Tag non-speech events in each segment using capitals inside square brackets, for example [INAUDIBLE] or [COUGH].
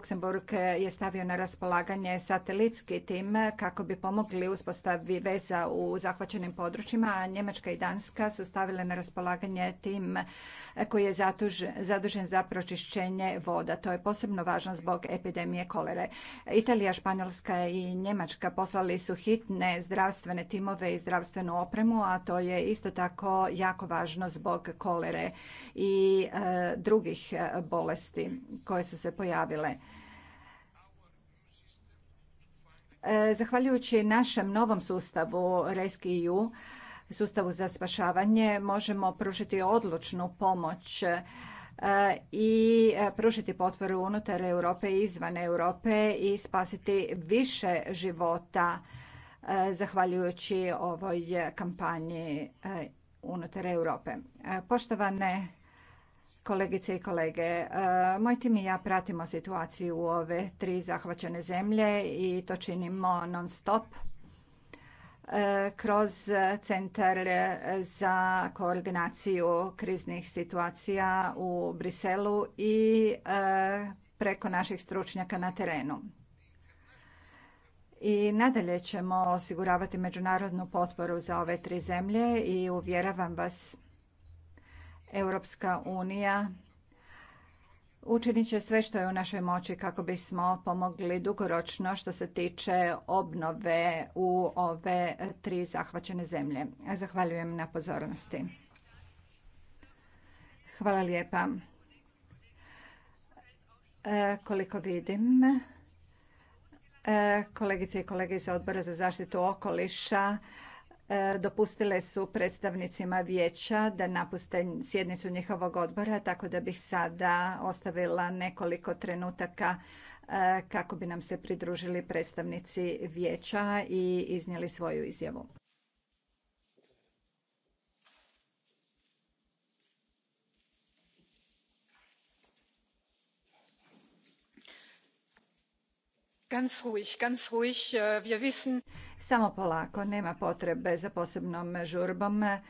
Luksemburg je stavio na raspolaganje satelitski tim kako bi pomogli uspostavi veza u zahvaćenim područjima, a Njemačka i Danska su stavile na raspolaganje tim koji je zadužen za pročišćenje voda. To je posebno važno zbog epidemije kolere. Italija, Španjolska i Njemačka poslali su hitne zdravstvene timove i zdravstvenu opremu, a to je isto tako jako važno zbog kolere i e, drugih e, bolesti koje su se pojavile. E, zahvaljujući našem novom sustavu Rescue, sustavu za spašavanje, možemo pružiti odlučnu pomoć e, i pružiti potporu unutar Europe i izvan Europe i spasiti više života e, zahvaljujući ovoj kampanji unutar Europe. Poštovane kolegice i kolege. E, moj tim i ja pratimo situaciju u ove tri zahvaćene zemlje i to činimo non stop e, kroz Centar za koordinaciju kriznih situacija u Briselu i e, preko naših stručnjaka na terenu. I nadalje ćemo osiguravati međunarodnu potporu za ove tri zemlje i uvjeravam vas Europska unija učinit će sve što je u našoj moći kako bismo pomogli dugoročno što se tiče obnove u ove tri zahvaćene zemlje. Zahvaljujem na pozornosti. Hvala lijepa. E, koliko vidim, e, kolegice i kolege iz Odbora za zaštitu okoliša E, dopustile su predstavnicima vijeća da napuste sjednicu njihovog odbora, tako da bih sada ostavila nekoliko trenutaka e, kako bi nam se pridružili predstavnici vijeća i iznijeli svoju izjavu. Äh, samo polako, nema potrebe za posebnom žurbom. E,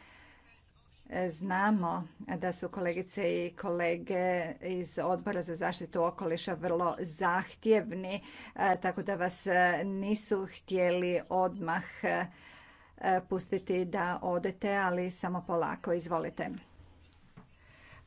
znamo da su kolegice i kolege iz Odbora za zaštitu okoliša vrlo zahtjevni, e, tako da vas e, nisu htjeli odmah pustiti da odete, ali samo polako, izvolite.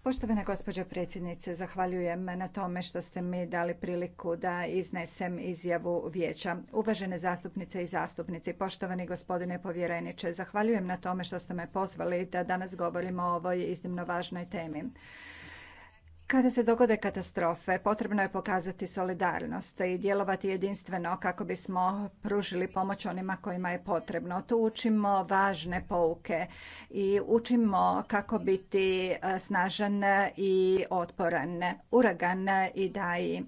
Poštovana gospođo predsjednice, zahvaljujem na tome što ste mi dali priliku da iznesem izjavu vijeća. Uvažene zastupnice i zastupnici, poštovani gospodine povjereniče, zahvaljujem na tome što ste me pozvali da danas govorimo o ovoj iznimno važnoj temi. Kada se dogode katastrofe, potrebno je pokazati solidarnost i djelovati jedinstveno kako bismo pružili pomoć onima kojima je potrebno. Tu učimo važne pouke i učimo kako biti e, snažan i otporan. Uragan i daji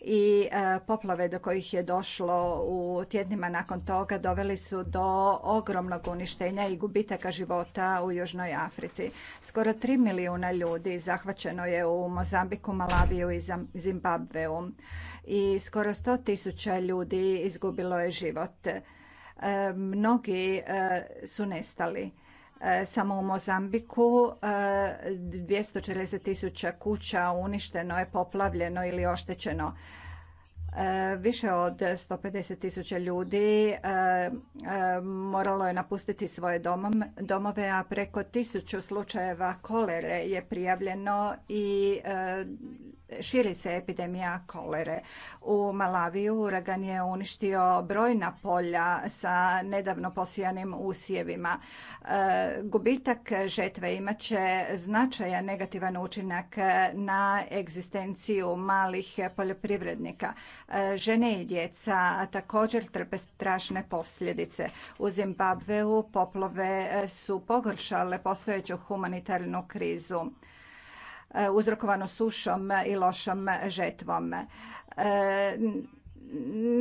i e, poplave do kojih je došlo u tjednima nakon toga doveli su do ogromnog uništenja i gubitaka života u Južnoj Africi. Skoro 3 milijuna ljudi zahvaćeno je u Mozambiku, Malaviju i Zimbabveu. I skoro sto tisuća ljudi izgubilo je život. E, mnogi e, su nestali. E, samo u Mozambiku 240 tisuća kuća uništeno je, poplavljeno ili oštećeno. E, više od 150 tisuća ljudi e, e, moralo je napustiti svoje domove, a preko tisuću slučajeva kolere je prijavljeno i širi se epidemija kolere. U Malaviju uragan je uništio brojna polja sa nedavno posijanim usjevima. E, gubitak žetve imaće značajan negativan učinak na egzistenciju malih poljoprivrednika. E, žene i djeca također trpe strašne posljedice. U Zimbabveu poplove su pogoršale postojeću humanitarnu krizu E, uzrokovano sušom i lošom žetvom e,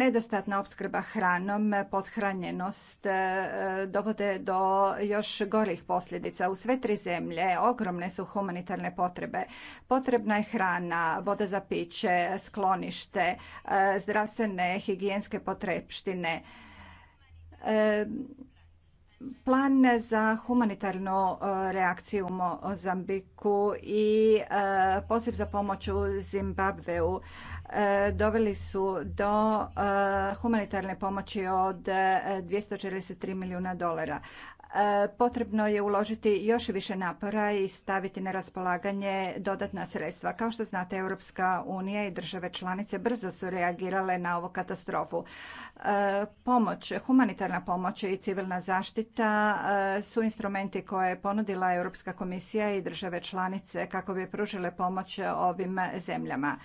nedostatna opskrba hranom, pothranjenost e, dovode do još gorih posljedica. U sve tri zemlje ogromne su humanitarne potrebe. Potrebna je hrana, voda za piće, sklonište, zdravstvene, higijenske potrepštine plan za humanitarnu e, reakciju u Mozambiku i e, poziv za pomoć u Zimbabveu e, doveli su do humanitarne pomoći od 243 milijuna dolara potrebno je uložiti još više napora i staviti na raspolaganje dodatna sredstva. Kao što znate, Europska unija i države članice brzo su reagirale na ovu katastrofu. E, pomoć, humanitarna pomoć i civilna zaštita e, su instrumenti koje je ponudila Europska komisija i države članice kako bi pružile pomoć ovim zemljama.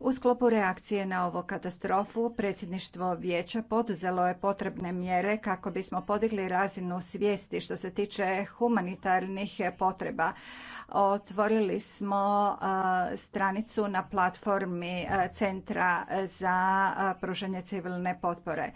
U sklopu reakcije na ovu katastrofu predsjedništvo vijeća poduzelo je potrebne mjere kako bismo podigli razinu svijesti što se tiče humanitarnih potreba. Otvorili smo stranicu na platformi Centra za pružanje civilne potpore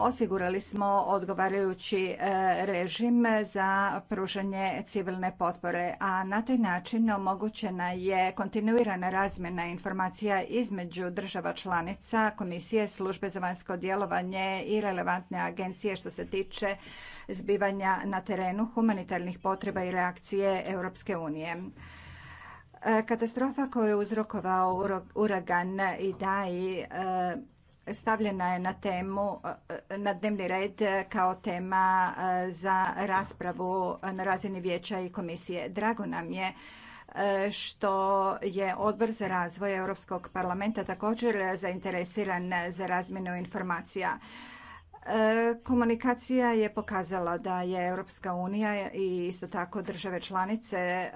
osigurali smo odgovarajući e, režim za pružanje civilne potpore, a na taj način omogućena je kontinuirana razmjena informacija između država članica, komisije, službe za vanjsko djelovanje i relevantne agencije što se tiče zbivanja na terenu humanitarnih potreba i reakcije Europske unije. E, katastrofa koju je uzrokovao uragan i da e, stavljena je na temu, e, na dnevni red kao tema e, za raspravu na razini vijeća i komisije. Drago nam je e, što je Odbor za razvoj Europskog parlamenta također zainteresiran za razmjenu informacija. E, komunikacija je pokazala da je Europska unija i isto tako države članice e,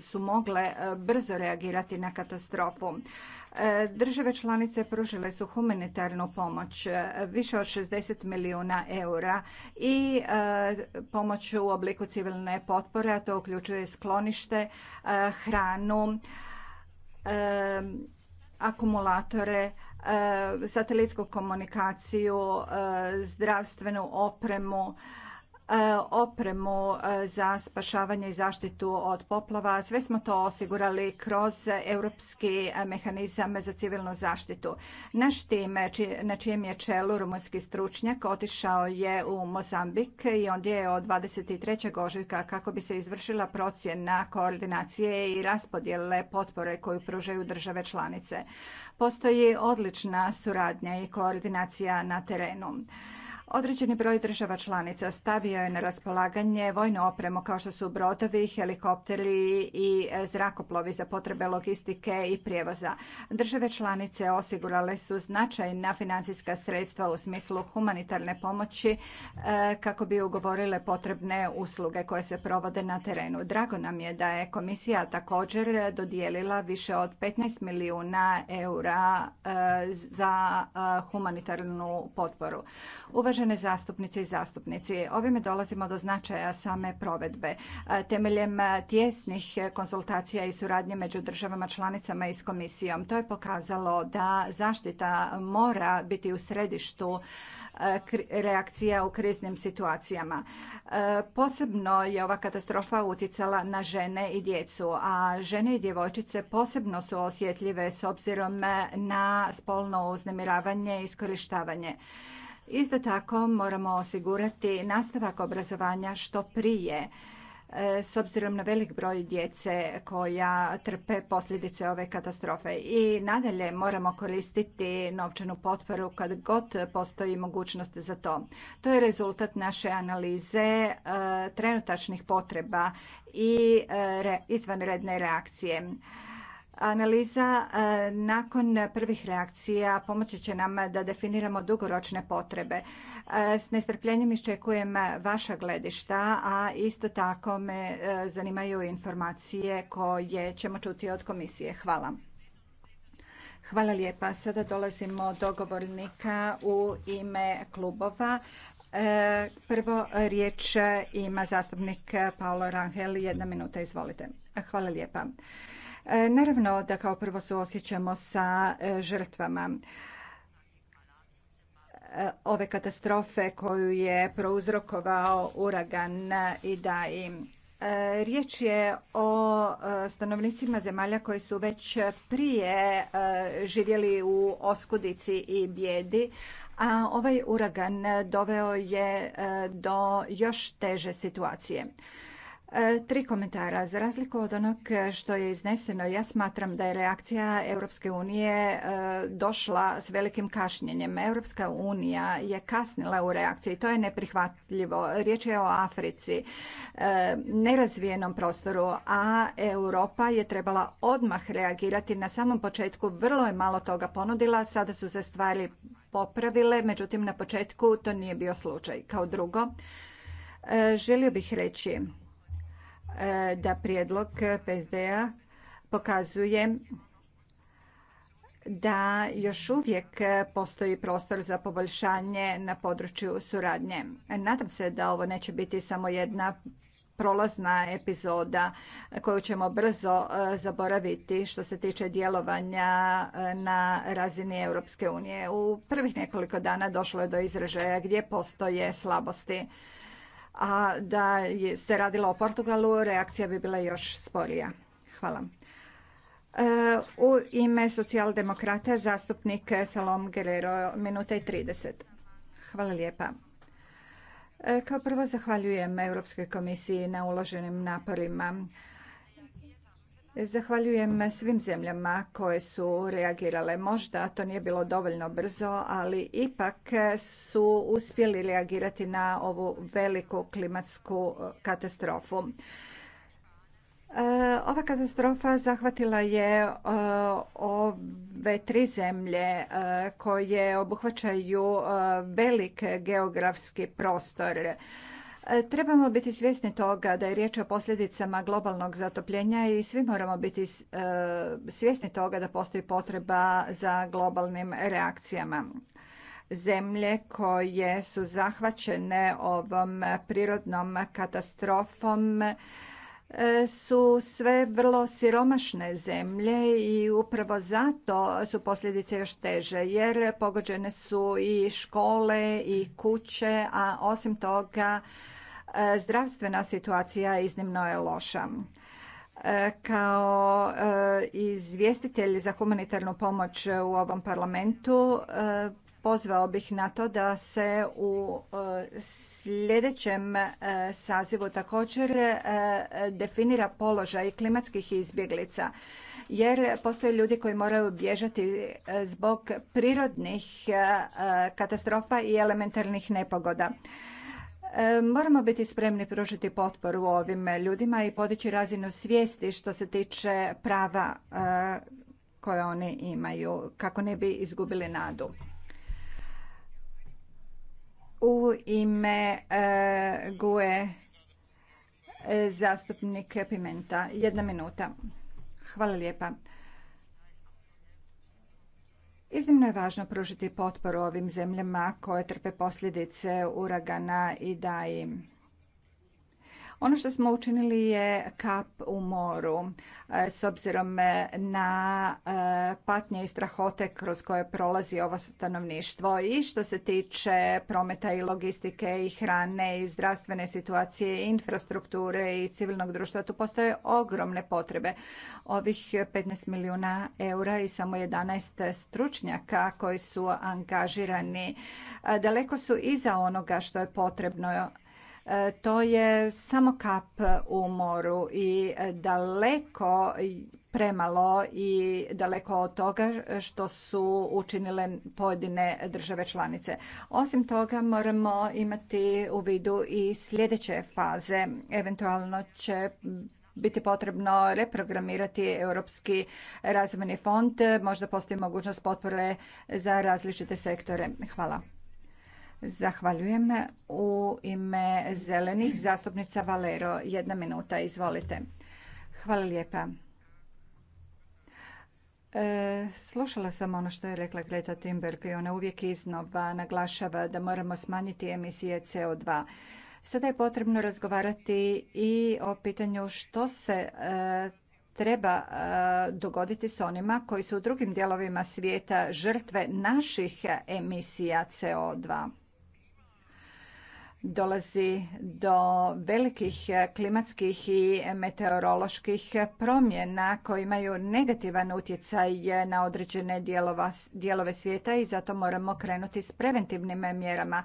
su mogle e, brzo reagirati na katastrofu. Države članice pružile su humanitarnu pomoć, više od 60 milijuna eura i pomoć u obliku civilne potpore, a to uključuje sklonište, hranu, akumulatore, E, satelitsku komunikaciju, e, zdravstvenu opremu, E, opremu e, za spašavanje i zaštitu od poplava. Sve smo to osigurali kroz europski e, mehanizam za civilnu zaštitu. Naš tim, na čijem je čelu rumunski stručnjak, otišao je u Mozambik i ondje je od 23. ožujka kako bi se izvršila procjena koordinacije i raspodjele potpore koju pružaju države članice. Postoji odlična suradnja i koordinacija na terenu. Određeni broj država članica stavio je na raspolaganje vojnu opremu kao što su brodovi, helikopteri i e, zrakoplovi za potrebe logistike i prijevoza. Države članice osigurale su značajna financijska sredstva u smislu humanitarne pomoći e, kako bi ugovorile potrebne usluge koje se provode na terenu. Drago nam je da je komisija također dodijelila više od 15 milijuna eura e, za humanitarnu potporu. Uvaženi Uvažene zastupnice i zastupnici, ovime dolazimo do značaja same provedbe. Temeljem tjesnih konsultacija i suradnje među državama članicama i s komisijom, to je pokazalo da zaštita mora biti u središtu reakcija u kriznim situacijama. Posebno je ova katastrofa utjecala na žene i djecu, a žene i djevojčice posebno su osjetljive s obzirom na spolno uznemiravanje i iskorištavanje. Isto tako moramo osigurati nastavak obrazovanja što prije e, s obzirom na velik broj djece koja trpe posljedice ove katastrofe. I nadalje moramo koristiti novčanu potporu kad god postoji mogućnost za to. To je rezultat naše analize e, trenutačnih potreba i e, izvanredne reakcije. Analiza e, nakon prvih reakcija pomoći će nam da definiramo dugoročne potrebe. E, s nestrpljenjem iščekujem vaša gledišta, a isto tako me e, zanimaju informacije koje ćemo čuti od komisije. Hvala. Hvala lijepa. Sada dolazimo do govornika u ime klubova. Prvo riječ ima zastupnik Paolo Rangel. Jedna minuta, izvolite. Hvala lijepa. E, naravno da kao prvo osjećamo sa e, žrtvama e, ove katastrofe koju je prouzrokovao uragan i Idai. Riječ je o stanovnicima zemalja koji su već prije živjeli u oskudici i bijedi, a ovaj uragan doveo je do još teže situacije. E, tri komentara. Za razliku od onog što je izneseno, ja smatram da je reakcija Europske unije e, došla s velikim kašnjenjem. Europska unija je kasnila u reakciji. To je neprihvatljivo. Riječ je o Africi, e, nerazvijenom prostoru, a Europa je trebala odmah reagirati. Na samom početku vrlo je malo toga ponudila. Sada su se stvari popravile, međutim na početku to nije bio slučaj. Kao drugo, želio bih reći E, da prijedlog PSD-a pokazuje da još uvijek postoji prostor za poboljšanje na području suradnje. Nadam se da ovo neće biti samo jedna prolazna epizoda koju ćemo brzo e, zaboraviti što se tiče djelovanja e, na razini Europske unije. U prvih nekoliko dana došlo je do izražaja gdje postoje slabosti a da se radilo o Portugalu, reakcija bi bila još sporija. Hvala. E, u ime socijaldemokrata zastupnik Salom Guerrero, minuta i 30. Hvala lijepa. E, kao prvo zahvaljujem Europskoj komisiji na uloženim naporima Zahvaljujem svim zemljama koje su reagirale. Možda to nije bilo dovoljno brzo, ali ipak su uspjeli reagirati na ovu veliku klimatsku e, katastrofu. E, ova katastrofa zahvatila je e, ove tri zemlje koje obuhvaćaju velik geografski prostor E, trebamo biti svjesni toga da je riječ o posljedicama globalnog zatopljenja i svi moramo biti e, svjesni toga da postoji potreba za globalnim reakcijama. Zemlje koje su zahvaćene ovom prirodnom katastrofom E, su sve vrlo siromašne zemlje i upravo zato su posljedice još teže jer pogođene su i škole i kuće, a osim toga e, zdravstvena situacija iznimno je loša. E, kao izvjestitelj za humanitarnu pomoć u ovom parlamentu pozvao bih na to da se u sljedećem e, sazivu također e, definira položaj klimatskih izbjeglica jer postoje ljudi koji moraju bježati e, zbog prirodnih katastrofa i elementarnih nepogoda. Moramo biti spremni pružiti potporu ovim ljudima i podići razinu svijesti što se tiče prava koje oni imaju kako ne bi izgubili nadu. U ime e, GUE e, zastupnik Pimenta. Jedna minuta. Hvala lijepa. Iznimno je važno pružiti potporu ovim zemljama koje trpe posljedice uragana i da im ono što smo učinili je kap u moru e, s obzirom na e, patnje i strahote kroz koje prolazi ovo stanovništvo i što se tiče prometa i logistike i hrane i zdravstvene situacije i infrastrukture i civilnog društva. Tu postoje ogromne potrebe. Ovih 15 milijuna eura i samo 11 stručnjaka koji su angažirani e, daleko su iza onoga što je potrebno E, to je samo kap u moru i daleko premalo i daleko od toga što su učinile pojedine države članice. Osim toga moramo imati u vidu i sljedeće faze. Eventualno će biti potrebno reprogramirati Europski razvojni fond. Možda postoji mogućnost potpore za različite sektore. Hvala. Zahvaljujem. U ime zelenih zastupnica Valero, jedna minuta, izvolite. Hvala lijepa. E, slušala sam ono što je rekla Greta Thunberg i ona uvijek iznova naglašava da moramo smanjiti emisije CO2. Sada je potrebno razgovarati i o pitanju što se e, treba e, dogoditi s onima koji su u drugim dijelovima svijeta žrtve naših emisija CO2 dolazi do velikih klimatskih i meteoroloških promjena koje imaju negativan utjecaj na određene dijelove svijeta i zato moramo krenuti s preventivnim mjerama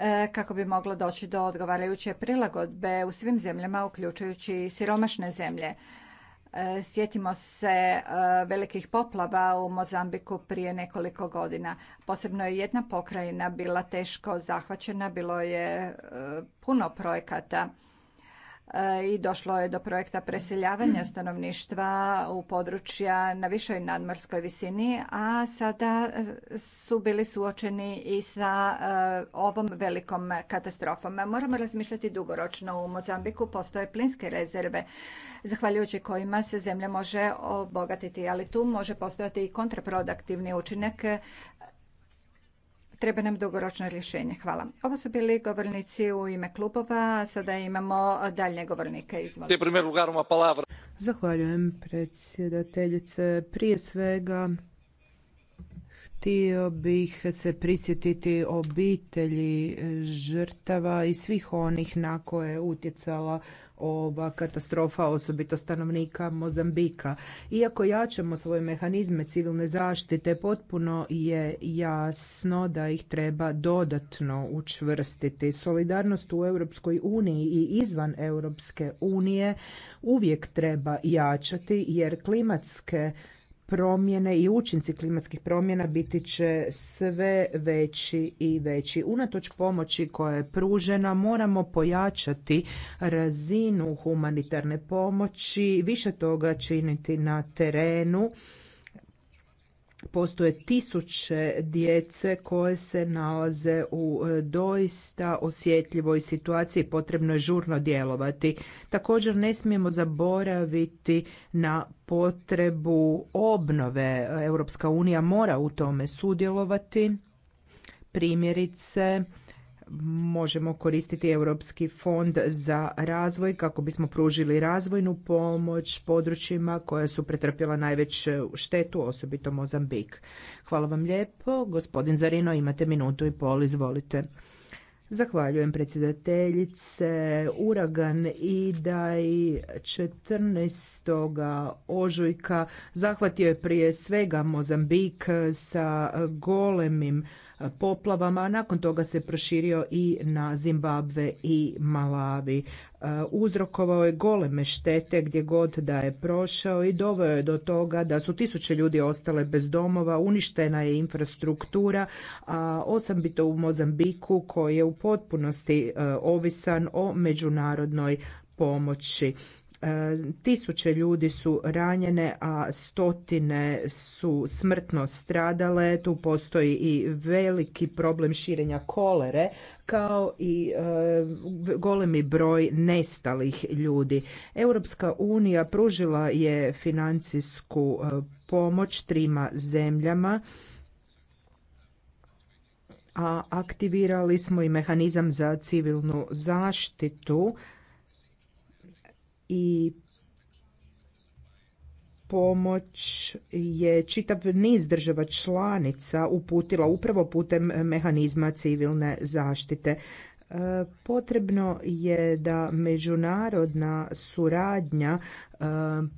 e, kako bi moglo doći do odgovarajuće prilagodbe u svim zemljama uključujući i siromašne zemlje. E, sjetimo se e, velikih poplava u Mozambiku prije nekoliko godina. Posebno je jedna pokrajina bila teško zahvaćena, bilo je e, puno projekata i došlo je do projekta preseljavanja stanovništva u područja na višoj nadmorskoj visini, a sada su bili suočeni i sa e, ovom velikom katastrofom. Moramo razmišljati dugoročno. U Mozambiku postoje plinske rezerve, zahvaljujući kojima se zemlja može obogatiti, ali tu može postojati i kontraproduktivni učinak Treba nam dugoročno rješenje. Hvala. Ovo su bili govornici u ime klubova. Sada imamo daljnje govornike. Izvolite. Zahvaljujem predsjedateljice. Prije svega Htio bih se prisjetiti obitelji e, žrtava i svih onih na koje je utjecala ova katastrofa, osobito stanovnika Mozambika. Iako jačamo svoje mehanizme civilne zaštite, potpuno je jasno da ih treba dodatno učvrstiti. Solidarnost u Europskoj uniji i izvan Europske unije uvijek treba jačati jer klimatske promjene i učinci klimatskih promjena biti će sve veći i veći. Unatoč pomoći koja je pružena moramo pojačati razinu humanitarne pomoći, više toga činiti na terenu postoje tisuće djece koje se nalaze u e, doista osjetljivoj situaciji potrebno je žurno djelovati također ne smijemo zaboraviti na potrebu obnove europska unija mora u tome sudjelovati primjerice možemo koristiti Europski fond za razvoj kako bismo pružili razvojnu pomoć područjima koja su pretrpjela najveću štetu, osobito Mozambik. Hvala vam lijepo. Gospodin Zarino, imate minutu i pol, izvolite. Zahvaljujem predsjedateljice. Uragan i i 14. ožujka zahvatio je prije svega Mozambik sa golemim poplavama, nakon toga se proširio i na Zimbabve i Malavi. E, uzrokovao je goleme štete gdje god da je prošao i doveo je do toga da su tisuće ljudi ostale bez domova, uništena je infrastruktura, a osobito u Mozambiku koji je u potpunosti e, ovisan o međunarodnoj pomoći. Tisuće ljudi su ranjene, a stotine su smrtno stradale. Tu postoji i veliki problem širenja kolere kao i e, golemi broj nestalih ljudi. Europska unija pružila je financijsku e, pomoć trima zemljama a aktivirali smo i mehanizam za civilnu zaštitu i pomoć je čitav niz država članica uputila upravo putem mehanizma civilne zaštite. E, potrebno je da međunarodna suradnja E,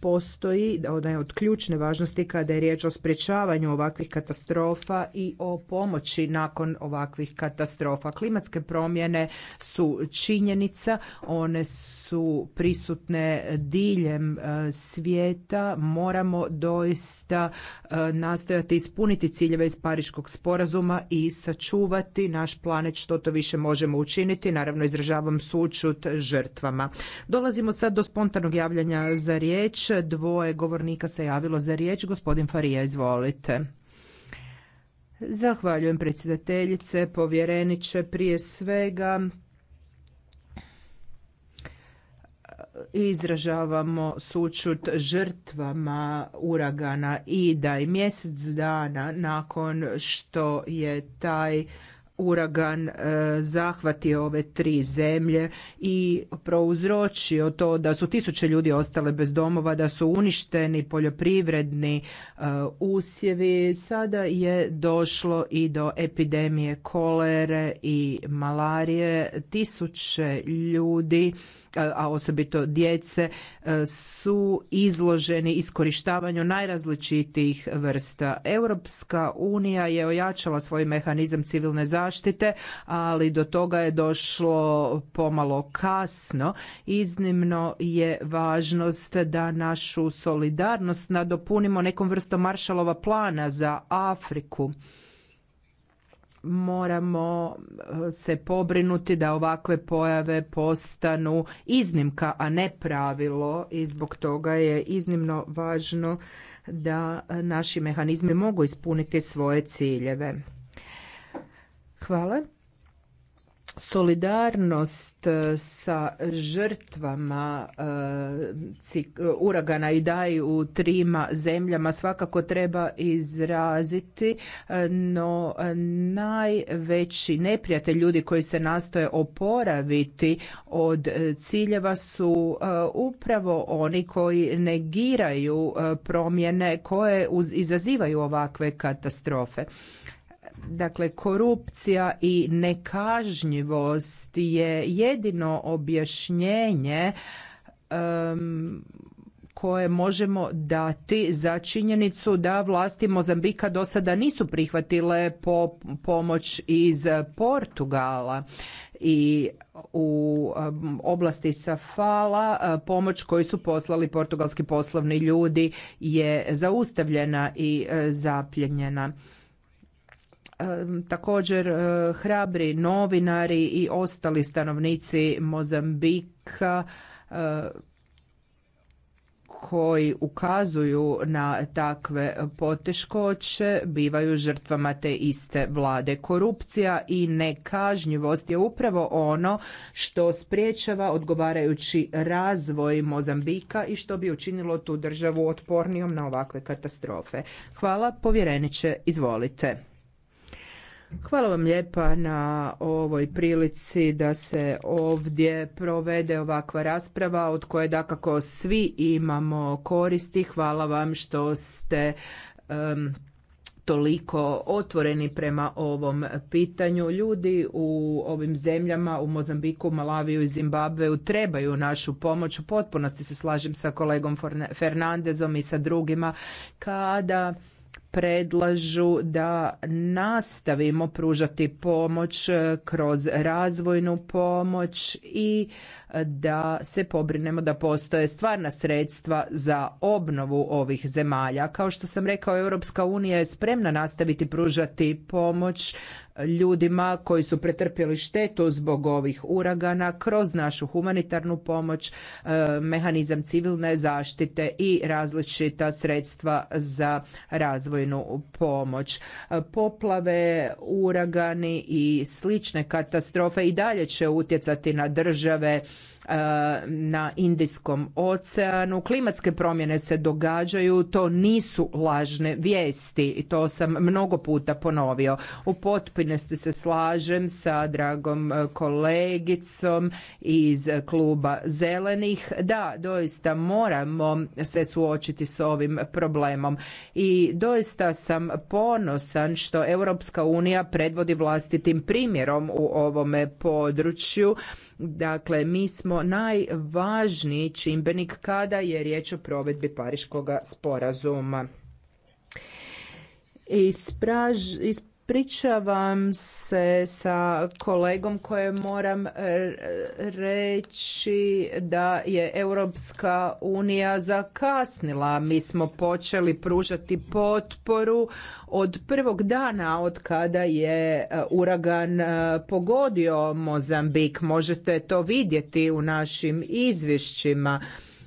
postoji, ona je od ključne važnosti kada je riječ o sprječavanju ovakvih katastrofa i o pomoći nakon ovakvih katastrofa. Klimatske promjene su činjenica, one su prisutne diljem e, svijeta, moramo doista e, nastojati ispuniti ciljeve iz Pariškog sporazuma i sačuvati naš planet što to više možemo učiniti. Naravno izražavam sučut žrtvama. Dolazimo sad do spontanog javljanja za za riječ. Dvoje govornika se javilo za riječ. Gospodin Farija, izvolite. Zahvaljujem predsjedateljice, povjereniče, prije svega izražavamo sučut žrtvama uragana i da i mjesec dana nakon što je taj uragan e, zahvatio ove tri zemlje i prouzročio to da su tisuće ljudi ostale bez domova, da su uništeni poljoprivredni e, usjevi. Sada je došlo i do epidemije kolere i malarije. Tisuće ljudi a osobito djece, e, su izloženi iskorištavanju najrazličitijih vrsta. Europska unija je ojačala svoj mehanizam civilne zaštite, ali do toga je došlo pomalo kasno. Iznimno je važnost da našu solidarnost nadopunimo nekom vrstom maršalova plana za Afriku moramo eh, se pobrinuti da ovakve pojave postanu iznimka, a ne pravilo i zbog toga je iznimno važno da naši mehanizmi mogu ispuniti svoje ciljeve. Hvala solidarnost e, sa žrtvama e, uragana i daj u trima zemljama svakako treba izraziti, e, no najveći neprijatelj ljudi koji se nastoje oporaviti od ciljeva su upravo oni koji negiraju promjene koje izazivaju ovakve katastrofe. Dakle, korupcija i nekažnjivost je jedino objašnjenje koje možemo dati za činjenicu da vlasti Mozambika do sada nisu prihvatile pomoć iz Portugala i u oblasti Safala pomoć koju su poslali portugalski poslovni ljudi je zaustavljena i zapljenjena također e, hrabri novinari i ostali stanovnici Mozambika e, koji ukazuju na takve poteškoće bivaju žrtvama te iste vlade. Korupcija i nekažnjivost je upravo ono što spriječava odgovarajući razvoj Mozambika i što bi učinilo tu državu otpornijom na ovakve katastrofe. Hvala povjereniče, izvolite. Hvala vam lijepa na ovoj prilici da se ovdje provede ovakva rasprava od koje dakako svi imamo koristi. Hvala vam što ste toliko otvoreni prema ovom pitanju. Ljudi u ovim zemljama, u Mozambiku, Malaviju i Zimbabveu trebaju našu pomoć. U potpunosti se slažem sa kolegom Fernandezom i sa drugima kada predlažu da nastavimo pružati pomoć eh, kroz razvojnu pomoć i da se pobrinemo da postoje stvarna sredstva za obnovu ovih zemalja. Kao što sam rekao, Europska unija je spremna nastaviti pružati pomoć ljudima koji su pretrpjeli štetu zbog ovih uragana kroz našu humanitarnu pomoć, e, mehanizam civilne zaštite i različita sredstva za razvojnu pomoć. E, poplave, uragani i slične katastrofe i dalje će utjecati na države E, na Indijskom oceanu. Klimatske promjene se događaju, to nisu lažne vijesti i to sam mnogo puta ponovio. U potpunosti se slažem sa dragom e, kolegicom iz kluba zelenih. Da, doista moramo se suočiti s ovim problemom i doista sam ponosan što Europska unija predvodi vlastitim primjerom u ovome području Dakle, mi smo najvažniji čimbenik kada je riječ o provedbi Pariškoga sporazuma. Ispraž, isp Ispričavam se sa kolegom koje moram e, reći da je Europska unija zakasnila. Mi smo počeli pružati potporu od prvog dana od kada je e, uragan e, pogodio Mozambik. Možete to vidjeti u našim izvješćima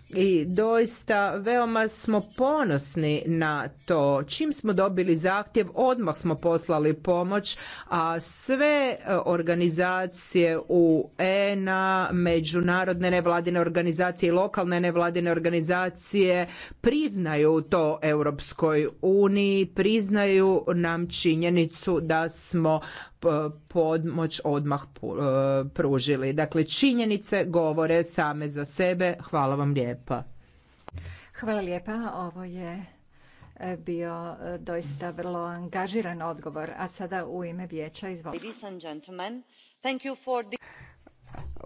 i doista veoma smo ponosni na to. Čim smo dobili zahtjev, odmah smo poslali pomoć, a sve e, organizacije UN-a, međunarodne nevladine organizacije i lokalne nevladine organizacije priznaju to Europskoj uniji, priznaju nam činjenicu da smo podmoć odmah e, pružili. Dakle, činjenice govore same za sebe. Hvala vam lijepa. Hvala lijepa. Ovo je e, bio e, doista vrlo angažiran odgovor. A sada u ime vijeća izvolite.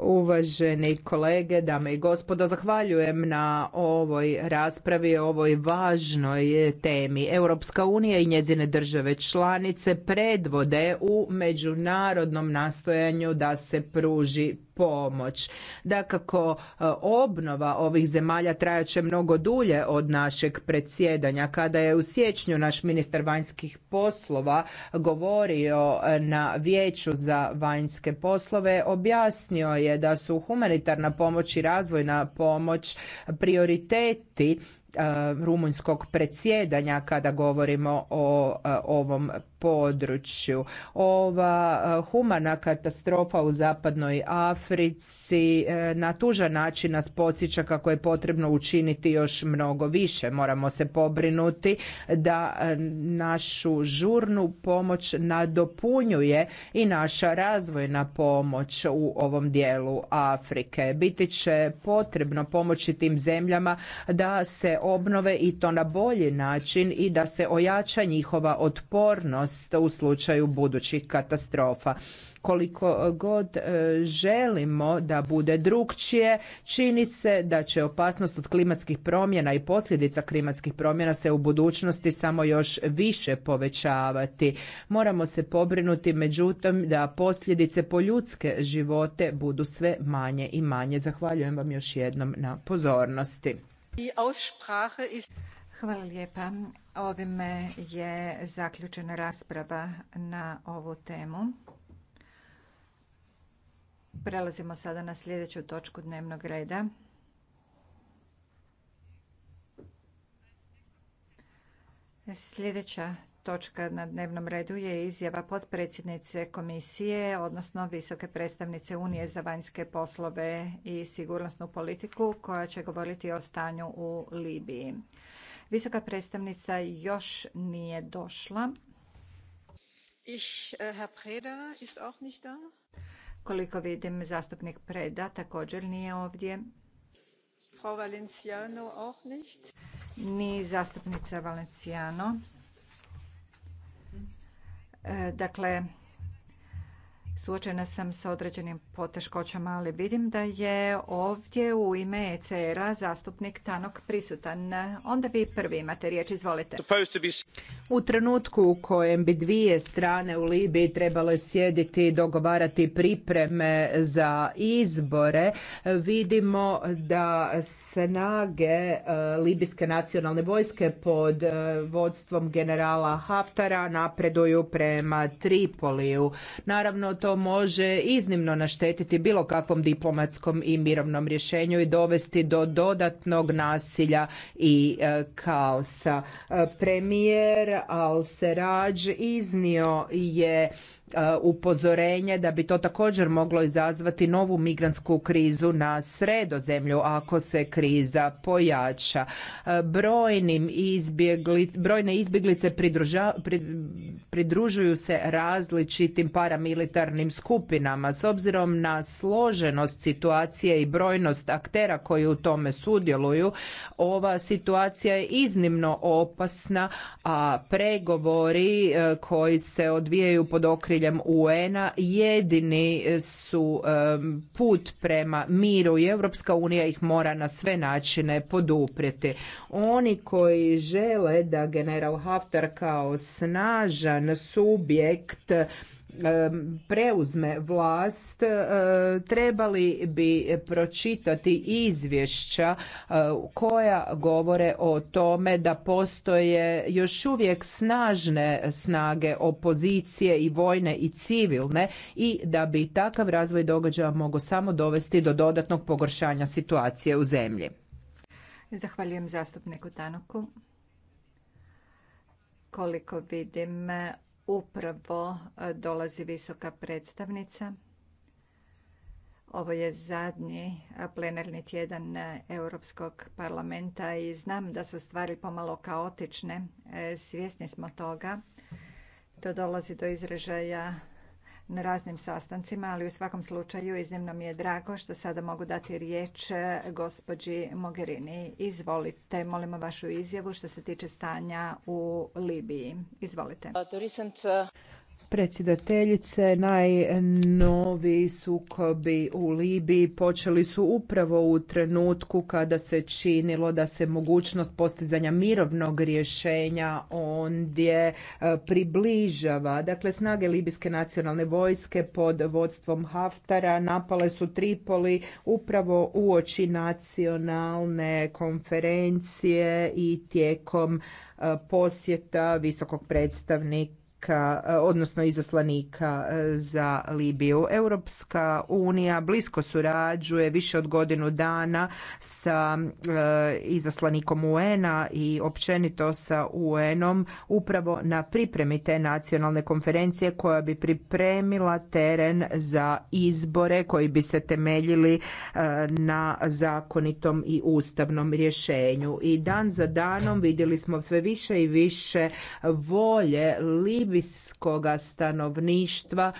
Uvaženi kolege, dame i gospodo, zahvaljujem na ovoj raspravi, ovoj važnoj temi. Europska unija i njezine države članice predvode u međunarodnom nastojanju da se pruži pomoć. Dakako, obnova ovih zemalja trajaće mnogo dulje od našeg predsjedanja. Kada je u siječnju naš ministar vanjskih poslova govorio na vijeću za vanjske poslove, objasnio je je da su humanitarna pomoć i razvojna pomoć prioriteti eh, rumunjskog predsjedanja kada govorimo o eh, ovom području. Ova e, humana katastrofa u zapadnoj Africi e, na tužan način nas podsjeća kako je potrebno učiniti još mnogo više. Moramo se pobrinuti da e, našu žurnu pomoć nadopunjuje i naša razvojna pomoć u ovom dijelu Afrike. Biti će potrebno pomoći tim zemljama da se obnove i to na bolji način i da se ojača njihova otpornost sigurnost u slučaju budućih katastrofa koliko god e, želimo da bude drukčije, čini se da će opasnost od klimatskih promjena i posljedica klimatskih promjena se u budućnosti samo još više povećavati. Moramo se pobrinuti međutim da posljedice po ljudske živote budu sve manje i manje. Zahvaljujem vam još jednom na pozornosti. Hvala lijepa. Ovime je zaključena rasprava na ovu temu. Prelazimo sada na sljedeću točku dnevnog reda. Sljedeća točka na dnevnom redu je izjava potpredsjednice komisije, odnosno visoke predstavnice Unije za vanjske poslove i sigurnosnu politiku koja će govoriti o stanju u Libiji. Visoka predstavnica još nije došla. Ich, eh, Herr Preda ist auch nicht da. Koliko vidim, zastupnik Preda također nije ovdje. Frau auch nicht. Ni zastupnica Valenciano. Eh, dakle, suočena sam sa određenim poteškoćama, ali vidim da je ovdje u ime ECR-a zastupnik Tanok prisutan. Onda vi prvi imate riječ, izvolite. U trenutku u kojem bi dvije strane u Libiji trebale sjediti i dogovarati pripreme za izbore, vidimo da snage e, Libijske nacionalne vojske pod e, vodstvom generala Haftara napreduju prema Tripoliju. Naravno, to može iznimno naštetiti oštetiti bilo kakvom diplomatskom i mirovnom rješenju i dovesti do dodatnog nasilja i e, kaosa. E, premijer Al Seraj iznio je upozorenje da bi to također moglo izazvati novu migrantsku krizu na sredozemlju ako se kriza pojača. Brojnim izbjegli, brojne izbjeglice pridružuju se različitim paramilitarnim skupinama. S obzirom na složenost situacije i brojnost aktera koji u tome sudjeluju, ova situacija je iznimno opasna, a pregovori e, koji se odvijaju pod okriljem UN-a jedini e, su e, put prema miru i Europska unija ih mora na sve načine poduprijeti. Oni koji žele da general Haftar kao snažan subjekt preuzme vlast eh, trebali bi pročitati izvješća eh, koja govore o tome da postoje još uvijek snažne snage opozicije i vojne i civilne i da bi takav razvoj događaja mogao samo dovesti do dodatnog pogoršanja situacije u zemlji. Zahvaljujem zastupniku Tanoku. Koliko vidim, upravo e, dolazi visoka predstavnica. Ovo je zadnji e, plenarni tjedan e, Europskog parlamenta i znam da su stvari pomalo kaotične. Svjesni smo toga. To dolazi do izražaja na raznim sastancima, ali u svakom slučaju iznimno mi je drago što sada mogu dati riječ e, gospođi Mogherini. Izvolite, molimo vašu izjavu što se tiče stanja u Libiji. Izvolite. Uh, predsjedateljice najnoviji sukobi u libiji počeli su upravo u trenutku kada se činilo da se mogućnost postizanja mirovnog rješenja ondje e, približava dakle snage libijske nacionalne vojske pod vodstvom haftara napale su tripoli upravo uoči nacionalne konferencije i tijekom e, posjeta visokog predstavnika E, odnosno izaslanika e, za Libiju. Europska unija blisko surađuje više od godinu dana sa e, izaslanikom UN-a i općenito sa UN-om upravo na pripremi te nacionalne konferencije koja bi pripremila teren za izbore koji bi se temeljili na zakonitom i ustavnom rješenju. I dan za danom vidjeli smo sve više i više volje Libije libijskoga stanovništva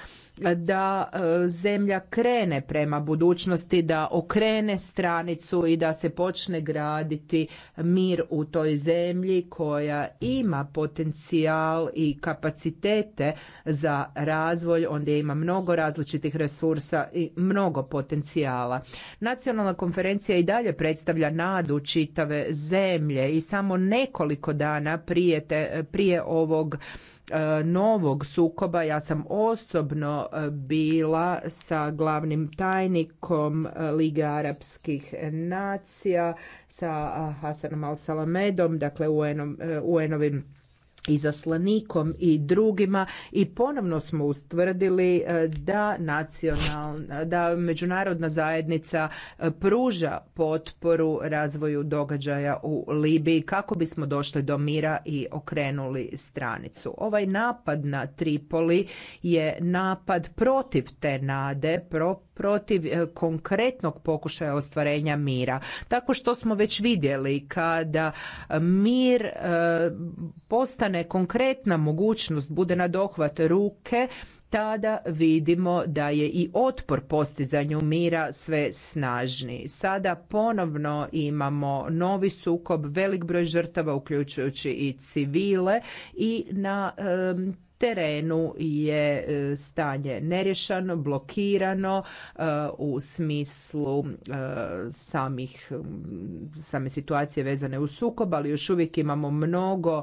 da e, zemlja krene prema budućnosti, da okrene stranicu i da se počne graditi mir u toj zemlji koja ima potencijal i kapacitete za razvoj, Onda ima mnogo različitih resursa i mnogo potencijala. Nacionalna konferencija i dalje predstavlja nadu čitave zemlje i samo nekoliko dana prije, prije ovog E, novog sukoba. Ja sam osobno e, bila sa glavnim tajnikom e, Lige arapskih nacija, sa Hasanom Al-Salamedom, dakle UN-ovim i zaslanikom i drugima i ponovno smo ustvrdili e, da nacional da međunarodna zajednica e, pruža potporu razvoju događaja u Libiji kako bismo došli do mira i okrenuli stranicu. Ovaj napad na Tripoli je napad protiv te nade, pro protiv e, konkretnog pokušaja ostvarenja mira. Tako što smo već vidjeli kada mir postane ne konkretna mogućnost, bude na dohvat ruke, tada vidimo da je i otpor postizanju mira sve snažniji. Sada ponovno imamo novi sukob, velik broj žrtava uključujući i civile i na terenu je e, stanje nerješano, blokirano e, u smislu e, samih, same situacije vezane u sukob, ali još uvijek imamo mnogo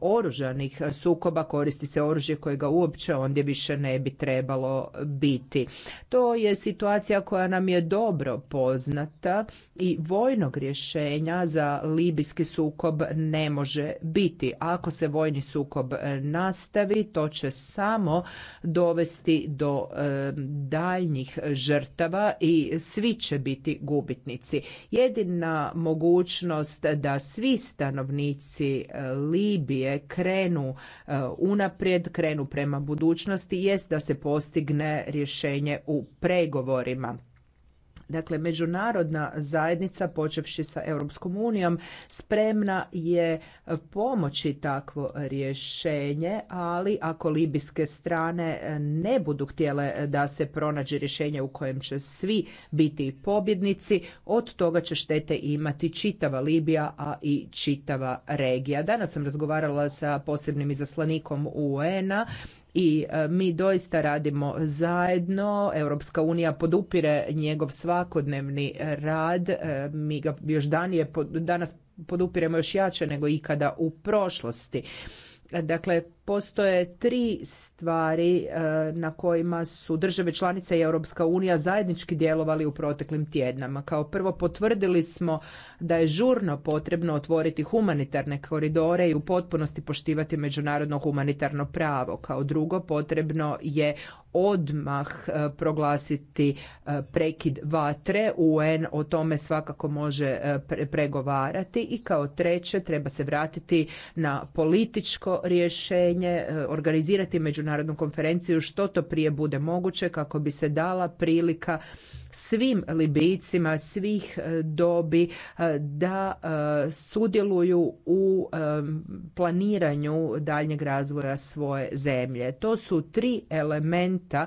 oružanih sukoba, koristi se oružje ga uopće ondje više ne bi trebalo biti. To je situacija koja nam je dobro poznata i vojnog rješenja za libijski sukob ne može biti. Ako se vojni sukob nastavi, sustavi to će samo dovesti do e, daljnjih žrtava i svi će biti gubitnici. Jedina mogućnost da svi stanovnici e, Libije krenu e, unaprijed, krenu prema budućnosti jest da se postigne rješenje u pregovorima Dakle, međunarodna zajednica, počevši sa Europskom unijom, spremna je pomoći takvo rješenje, ali ako libijske strane ne budu htjele da se pronađe rješenje u kojem će svi biti pobjednici, od toga će štete imati čitava Libija, a i čitava regija. Danas sam razgovarala sa posebnim izaslanikom UN-a i e, mi doista radimo zajedno. Europska unija podupire njegov svakodnevni rad. E, mi ga još danas podupiremo još jače nego ikada u prošlosti. Dakle, Postoje tri stvari e, na kojima su države članice i Europska unija zajednički djelovali u proteklim tjednama. Kao prvo potvrdili smo da je žurno potrebno otvoriti humanitarne koridore i u potpunosti poštivati međunarodno humanitarno pravo. Kao drugo potrebno je odmah e, proglasiti e, prekid vatre. UN o tome svakako može pregovarati i kao treće treba se vratiti na političko rješenje rješenje e, organizirati međunarodnu konferenciju što to prije bude moguće kako bi se dala prilika svim Libijcima svih e, dobi e, da sudjeluju u planiranju daljnjeg razvoja svoje zemlje. To su tri elementa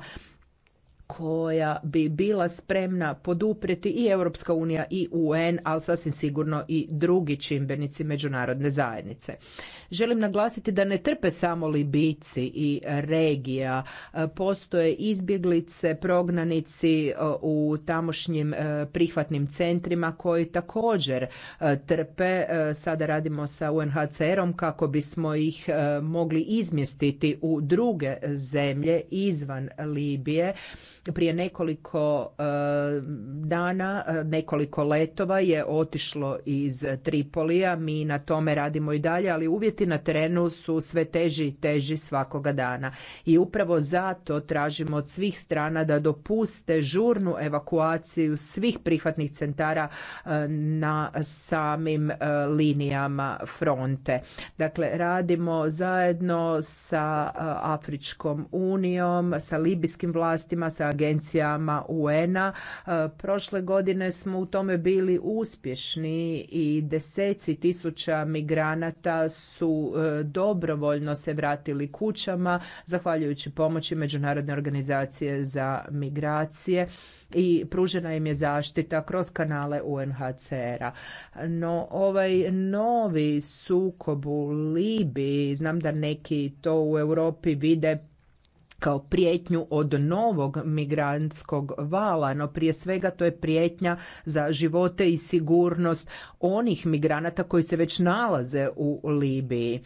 koja bi bila spremna poduprijeti i Europska unija i UN, ali sasvim sigurno i drugi čimbenici međunarodne zajednice. Želim naglasiti da ne trpe samo Libici i regija. E, postoje izbjeglice, prognanici e, u tamošnjim e, prihvatnim centrima koji također trpe. Sada radimo sa UNHCR-om kako bismo ih mogli izmjestiti u druge zemlje izvan Libije prije nekoliko e, dana e, nekoliko letova je otišlo iz Tripolija. Mi na tome radimo i dalje, ali uvjeti na terenu su sve teži i teži svakoga dana. I upravo zato tražimo od svih strana da dopuste žurnu evakuaciju svih prihvatnih centara e, na samim linijama fronte. Dakle, radimo zajedno sa Afričkom unijom, sa libijskim vlastima, sa agencijama UN-a. E, prošle godine smo u tome bili uspješni i deseci tisuća migranata su e, dobrovoljno se vratili kućama zahvaljujući pomoći Međunarodne organizacije za migracije i pružena im je zaštita kroz kanale UNHCR-a. No ovaj novi sukob u Libiji, znam da neki to u Europi vide kao prijetnju od novog migrantskog vala, no prije svega to je prijetnja za živote i sigurnost onih migranata koji se već nalaze u Libiji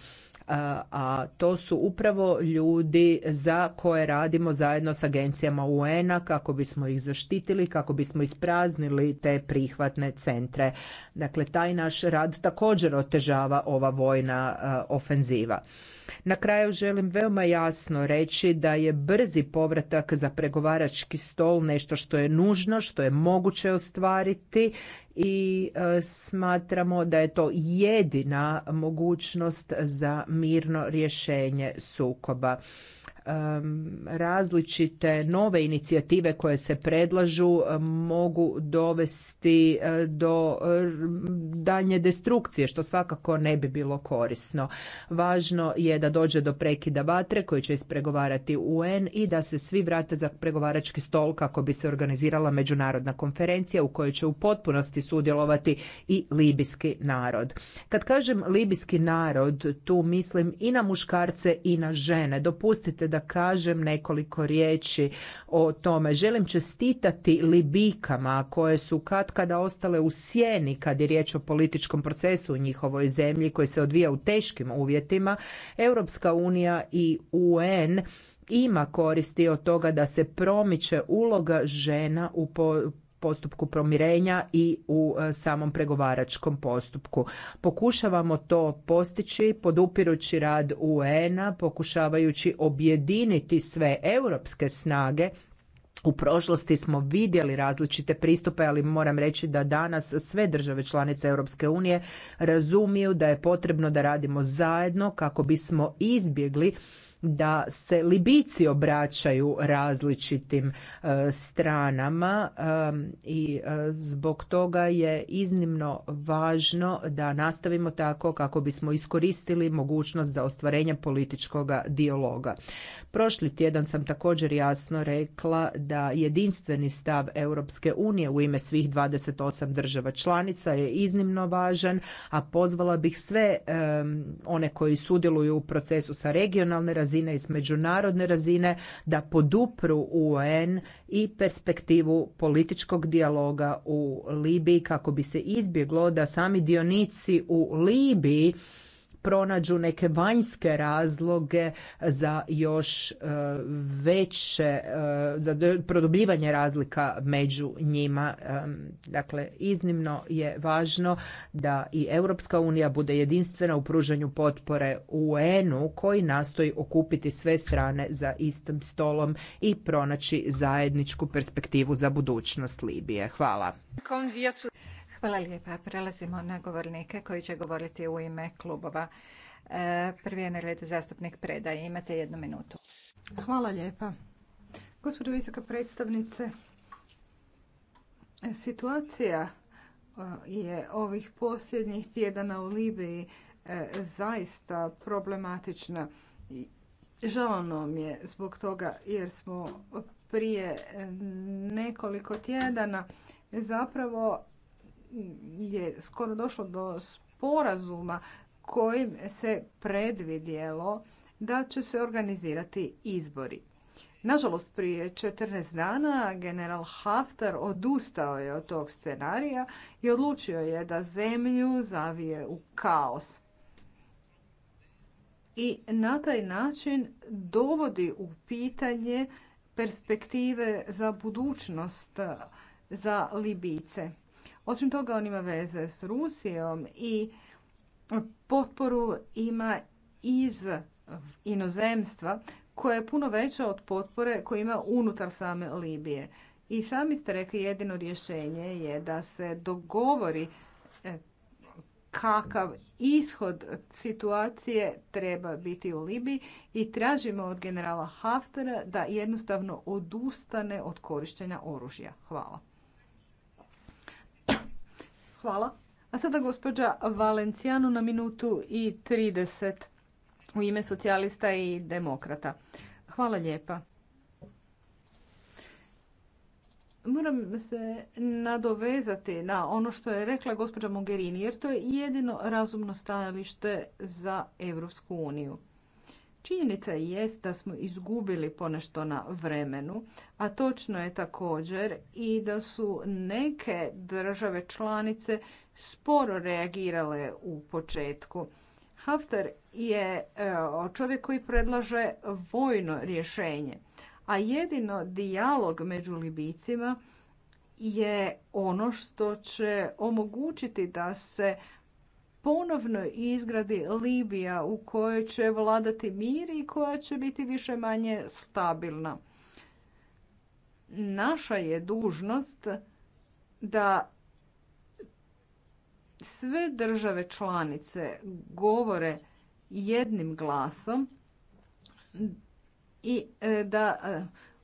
a to su upravo ljudi za koje radimo zajedno s agencijama UN-a kako bismo ih zaštitili, kako bismo ispraznili te prihvatne centre. Dakle, taj naš rad također otežava ova vojna ofenziva. Na kraju želim veoma jasno reći da je brzi povratak za pregovarački stol nešto što je nužno, što je moguće ostvariti i e, smatramo da je to jedina mogućnost za mirno rješenje sukoba različite nove inicijative koje se predlažu mogu dovesti e, do danje destrukcije što svakako ne bi bilo korisno. Važno je da dođe do prekida vatre koji će ispregovarati UN i da se svi vrate za pregovarački stol kako bi se organizirala međunarodna konferencija u kojoj će u potpunosti sudjelovati i libijski narod. Kad kažem libijski narod, tu mislim i na muškarce i na žene. Dopustite da kažem nekoliko riječi o tome. Želim čestitati Libikama koje su kad kada ostale u sjeni kad je riječ o političkom procesu u njihovoj zemlji koji se odvija u teškim uvjetima. Europska unija i UN ima koristi od toga da se promiče uloga žena u po postupku promirenja i u e, samom pregovaračkom postupku. Pokušavamo to postići podupirući rad UN-a, pokušavajući objediniti sve europske snage u prošlosti smo vidjeli različite pristupe, ali moram reći da danas sve države članice Europske unije razumiju da je potrebno da radimo zajedno kako bismo izbjegli da se Libici obraćaju različitim e, stranama e, i e, zbog toga je iznimno važno da nastavimo tako kako bismo iskoristili mogućnost za ostvarenje političkog dijaloga. Prošli tjedan sam također jasno rekla da jedinstveni stav Europske unije u ime svih 28 država članica je iznimno važan, a pozvala bih sve one koji sudjeluju u procesu sa regionalne razine razine i s međunarodne razine da podupru UN i perspektivu političkog dijaloga u Libiji kako bi se izbjeglo da sami dionici u Libiji pronađu neke vanjske razloge za još e, veće, e, za produbljivanje razlika među njima. E, dakle, iznimno je važno da i Europska unija bude jedinstvena u pružanju potpore UN-u koji nastoji okupiti sve strane za istim stolom i pronaći zajedničku perspektivu za budućnost Libije. Hvala. Hvala lijepa. Prelazimo na govornike koji će govoriti u ime klubova. E, prvi je na redu zastupnik Preda. Imate jednu minutu. Hvala lijepa. Gospođo visoka predstavnice, situacija e, je ovih posljednjih tjedana u Libiji e, zaista problematična. Žalno mi je zbog toga jer smo prije nekoliko tjedana zapravo je skoro došlo do sporazuma kojim se predvidjelo da će se organizirati izbori. Nažalost, prije 14 dana general Haftar odustao je od tog scenarija i odlučio je da zemlju zavije u kaos. I na taj način dovodi u pitanje perspektive za budućnost za Libice. Osim toga, on ima veze s Rusijom i potporu ima iz inozemstva koja je puno veća od potpore koju ima unutar same Libije. I sami ste rekli jedino rješenje je da se dogovori e, kakav ishod situacije treba biti u Libiji i tražimo od generala Haftara da jednostavno odustane od korištenja oružja. Hvala. Hvala. A sada gospođa Valencijanu na minutu i 30 u ime socijalista i demokrata. Hvala lijepa. Moram se nadovezati na ono što je rekla gospođa Mogherini, jer to je jedino razumno stajalište za Europsku uniju. Činjenica jest da smo izgubili ponešto na vremenu, a točno je također i da su neke države članice sporo reagirale u početku. Haftar je e, čovjek koji predlaže vojno rješenje, a jedino dijalog među libicima je ono što će omogućiti da se ponovnoj izgradi Libija u kojoj će vladati mir i koja će biti više manje stabilna. Naša je dužnost da sve države članice govore jednim glasom i e, da e,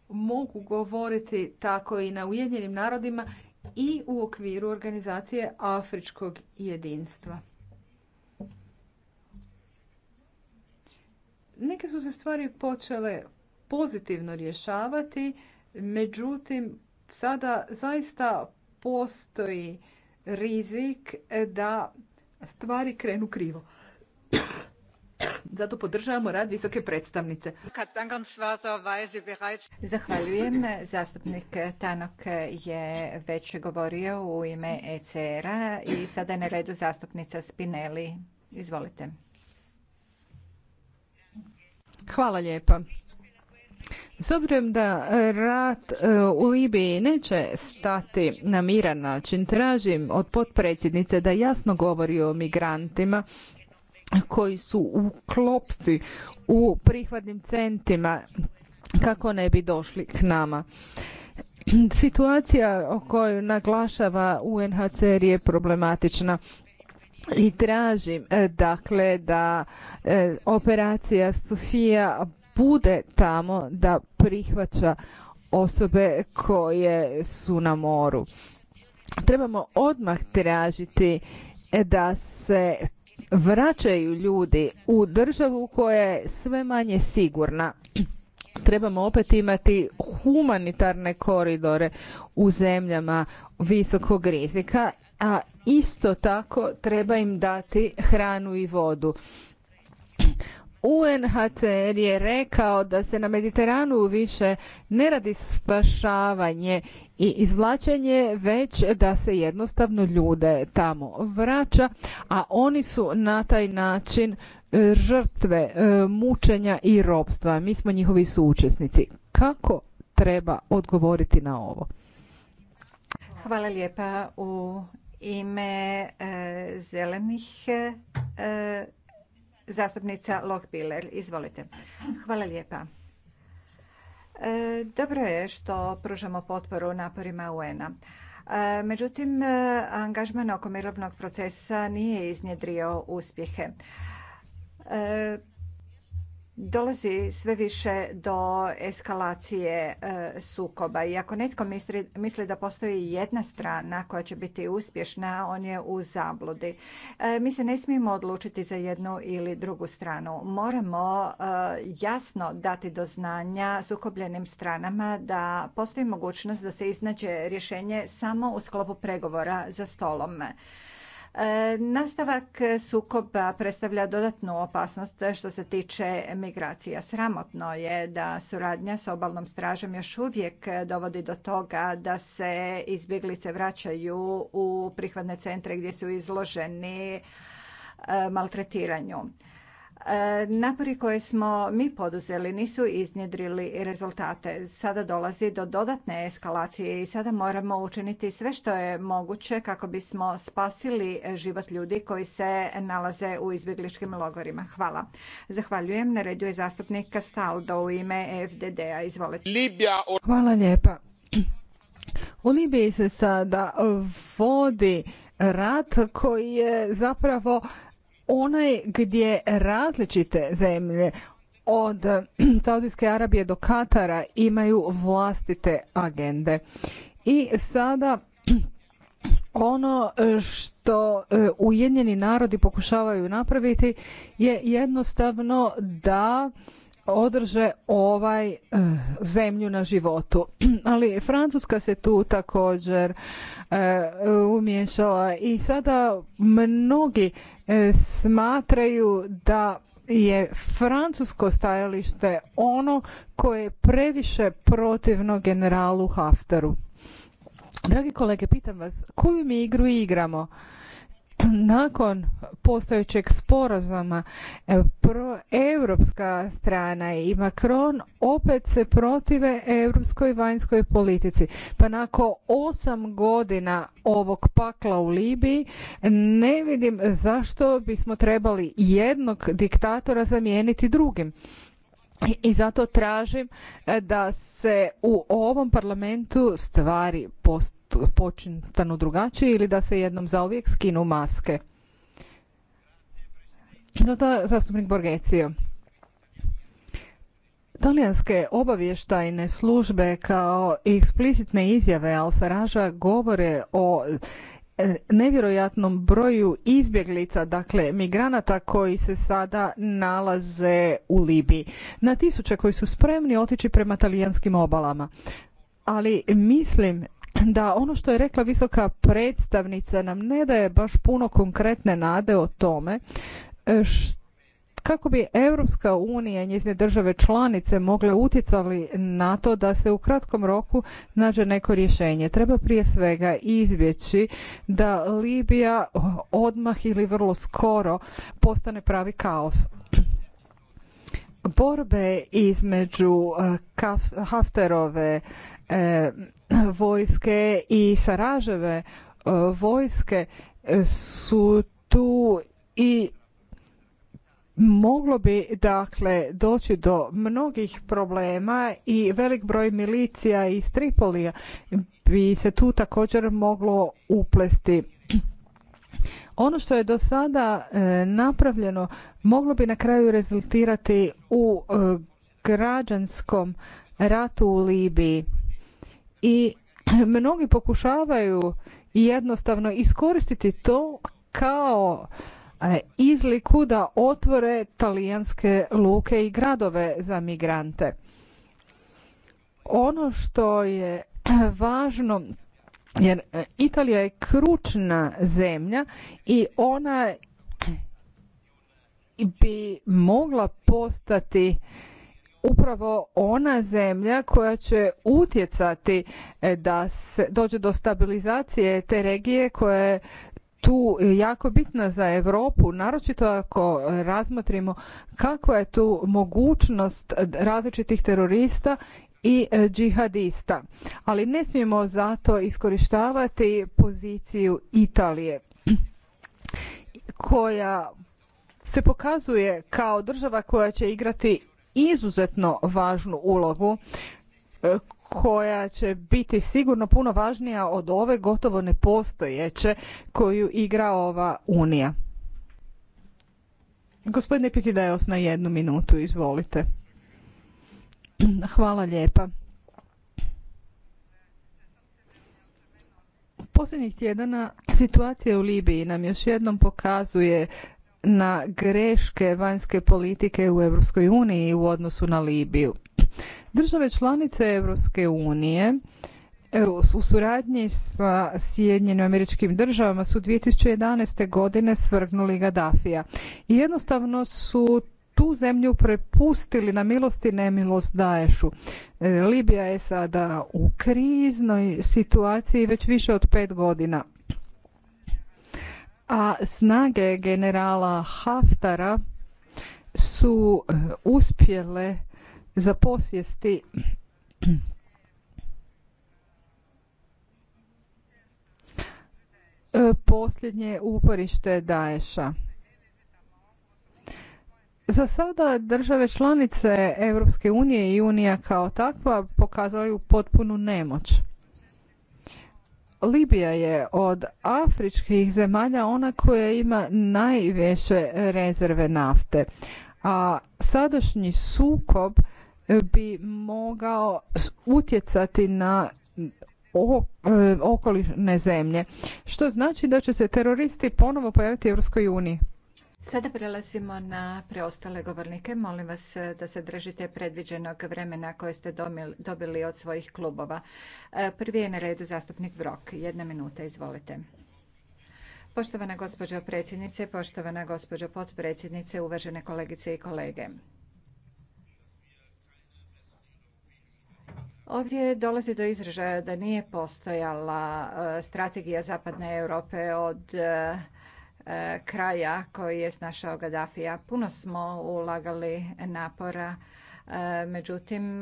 mogu govoriti tako i na Ujedinjenim narodima i u okviru organizacije Afričkog jedinstva. Neke su se stvari počele pozitivno rješavati, međutim sada zaista postoji rizik da stvari krenu krivo. Zato podržavamo rad visoke predstavnice. Zahvaljujem. Zastupnik Tanok je već govorio u ime ECR-a i sada je na redu zastupnica Spinelli. Izvolite. Hvala lijepa. S obzirom da rat e, u Libiji neće stati na miran način, tražim od potpredsjednice da jasno govori o migrantima koji su u klopci u prihvatnim centima kako ne bi došli k nama. Situacija o kojoj naglašava UNHCR je problematična i tražim e, dakle da e, operacija Sofija bude tamo da prihvaća osobe koje su na moru. Trebamo odmah tražiti e, da se vraćaju ljudi u državu koja je sve manje sigurna trebamo opet imati humanitarne koridore u zemljama visokog rizika, a isto tako treba im dati hranu i vodu. UNHCR je rekao da se na Mediteranu više ne radi spašavanje i izvlačenje, već da se jednostavno ljude tamo vraća, a oni su na taj način e, žrtve e, mučenja i robstva. Mi smo njihovi suučesnici. Kako treba odgovoriti na ovo? Hvala lijepa u ime e, zelenih Zastupnica Lohbiler, izvolite. Hvala lijepa. E, dobro je što pružamo potporu naporima UN-a. E, međutim, e, angažman oko mirovnog procesa nije iznjedrio uspjehe dolazi sve više do eskalacije e, sukoba i ako netko misli da postoji jedna strana koja će biti uspješna, on je u zabludi. E, mi se ne smijemo odlučiti za jednu ili drugu stranu. Moramo e, jasno dati do znanja sukobljenim stranama da postoji mogućnost da se iznađe rješenje samo u sklopu pregovora za stolom. E, nastavak sukoba predstavlja dodatnu opasnost što se tiče migracija. Sramotno je da suradnja s obalnom stražom još uvijek dovodi do toga da se izbjeglice vraćaju u prihvatne centre gdje su izloženi e, maltretiranju. E, napori koje smo mi poduzeli nisu iznjedrili rezultate. Sada dolazi do dodatne eskalacije i sada moramo učiniti sve što je moguće kako bismo spasili život ljudi koji se nalaze u izbjegličkim logorima. Hvala. Zahvaljujem. Na redu je zastupnik Castaldo u ime FDD-a. Izvolite. Hvala lijepa. U Libiji se sada vodi rat koji je zapravo onaj gdje različite zemlje od [CLEARS THROAT] Saudijske Arabije do Katara imaju vlastite agende. I sada [CLEARS THROAT] ono e, što e, Ujedinjeni narodi pokušavaju napraviti je jednostavno da održe ovaj e, zemlju na životu. [CLEARS THROAT] Ali Francuska se tu također umješala i sada mnogi E, smatraju da je francusko stajalište ono koje je previše protivno generalu Haftaru. Dragi kolege, pitam vas, koju mi igru igramo? nakon postojećeg sporazuma europska strana i Macron opet se protive europskoj vanjskoj politici. Pa nakon osam godina ovog pakla u Libiji ne vidim zašto bismo trebali jednog diktatora zamijeniti drugim i zato tražim e, da se u ovom parlamentu stvari počintanu drugačije ili da se jednom zauvijek skinu maske. Zato zastupnik Borgecio. Talijanske obavještajne službe kao eksplicitne izjave Al Saraža govore o nevjerojatnom broju izbjeglica, dakle migranata koji se sada nalaze u Libiji. Na tisuće koji su spremni otići prema talijanskim obalama. Ali mislim da ono što je rekla visoka predstavnica nam ne daje baš puno konkretne nade o tome što e, kako bi Europska unija i njezine države članice mogle utjecati na to da se u kratkom roku nađe neko rješenje. Treba prije svega izbjeći da Libija odmah ili vrlo skoro postane pravi kaos. Borbe između eh, Hafterove eh, vojske i Saraževe eh, vojske su tu i Moglo bi dakle doći do mnogih problema i velik broj milicija iz Tripolija bi se tu također moglo uplesti. Ono što je do sada e, napravljeno moglo bi na kraju rezultirati u e, građanskom ratu u Libiji i [CLEARS THROAT] mnogi pokušavaju jednostavno iskoristiti to kao E, izliku da otvore talijanske luke i gradove za migrante. Ono što je [CLEARS THROAT] važno jer e, Italija je kručna zemlja i ona bi mogla postati upravo ona zemlja koja će utjecati e, da se dođe do stabilizacije te regije koja je tu jako bitna za Europu, naročito ako razmotrimo kakva je tu mogućnost različitih terorista i e, džihadista. Ali ne smijemo zato iskorištavati poziciju Italije koja se pokazuje kao država koja će igrati izuzetno važnu ulogu e, koja će biti sigurno puno važnija od ove gotovo nepostojeće koju igra ova unija. Gospodine Pitidajos na jednu minutu, izvolite. Hvala lijepa. Posljednjih tjedana situacija u Libiji nam još jednom pokazuje na greške vanjske politike u Europskoj uniji u odnosu na Libiju. Države članice Europske unije e, u suradnji sa Sjedinjenim američkim državama su 2011. godine svrgnuli Gaddafija. I jednostavno su tu zemlju prepustili na milost i nemilost Daješu. E, Libija je sada u kriznoj situaciji već više od pet godina. A snage generala Haftara su e, uspjele za posjesti e, posljednje uporište Daesha. Za sada države članice Europske unije i Unija kao takva pokazaju potpunu nemoć. Libija je od afričkih zemalja ona koja ima najveće rezerve nafte, a sadašnji sukob bi mogao utjecati na e, okolišne zemlje, što znači da će se teroristi ponovo pojaviti u Europskoj uniji. Sada prelazimo na preostale govornike. Molim vas e, da se držite predviđenog vremena koje ste dobili od svojih klubova. E, prvi je na redu zastupnik Brok. Jedna minuta, izvolite. Poštovana gospođo predsjednice, poštovana gospođo potpredsjednice, uvažene kolegice i kolege. Ovdje dolazi do izražaja da nije postojala e, strategija Zapadne Europe od e, e, kraja koji je snašao Gaddafija. Puno smo ulagali napora, međutim,